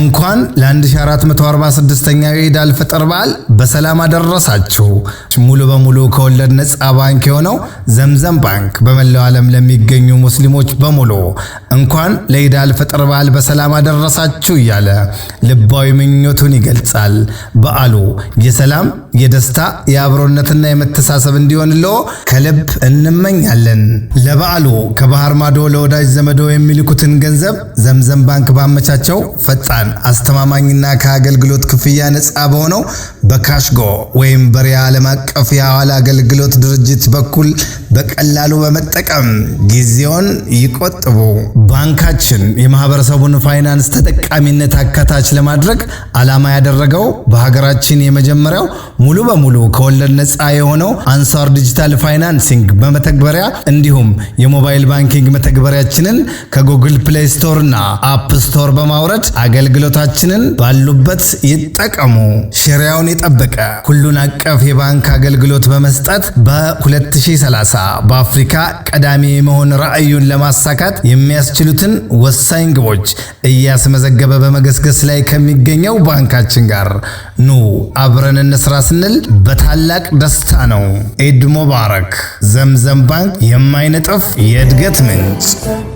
እንኳን ለ 1446 ኛ የኢድ አልፈጥር በዓል በሰላም አደረሳችሁ። ሙሉ በሙሉ ከወለድ ነፃ ባንክ የሆነው ዘምዘም ባንክ በመላው ዓለም ለሚገኙ ሙስሊሞች በሙሉ እንኳን ለኢድ አልፈጥር በዓል በሰላም አደረሳችሁ እያለ ልባዊ ምኞቱን ይገልጻል። በዓሉ የሰላም የደስታ የአብሮነትና የመተሳሰብ እንዲሆንልዎ ከልብ እንመኛለን። ለበዓሉ ከባህር ማዶ ለወዳጅ ዘመዶ የሚልኩትን ገንዘብ ዘምዘም ባንክ ባመቻቸው ፈጣን አስተማማኝና ከአገልግሎት ክፍያ ነፃ በሆነው በካሽጎ ወይም በሪያ ዓለም አቀፍ የሐዋላ አገልግሎት ድርጅት በኩል በቀላሉ በመጠቀም ጊዜውን ይቆጥቡ። ባንካችን የማህበረሰቡን ፋይናንስ ተጠቃሚነት አካታች ለማድረግ ዓላማ ያደረገው በሀገራችን የመጀመሪያው ሙሉ በሙሉ ከወለድ ነፃ የሆነው አንሳር ዲጂታል ፋይናንሲንግ በመተግበሪያ እንዲሁም የሞባይል ባንኪንግ መተግበሪያችንን ከጉግል ፕሌይ ስቶርና አፕ ስቶር በማውረድ አገልግሎት አገልግሎታችንን ባሉበት ይጠቀሙ። ሸሪያውን የጠበቀ ሁሉን አቀፍ የባንክ አገልግሎት በመስጠት በ2030 በአፍሪካ ቀዳሚ የመሆን ራዕዩን ለማሳካት የሚያስችሉትን ወሳኝ ግቦች እያስመዘገበ በመገስገስ ላይ ከሚገኘው ባንካችን ጋር ኑ አብረን እንስራ ስንል በታላቅ ደስታ ነው። ኢድ ሙባረክ! ዘምዘም ባንክ የማይነጥፍ የእድገት ምንጭ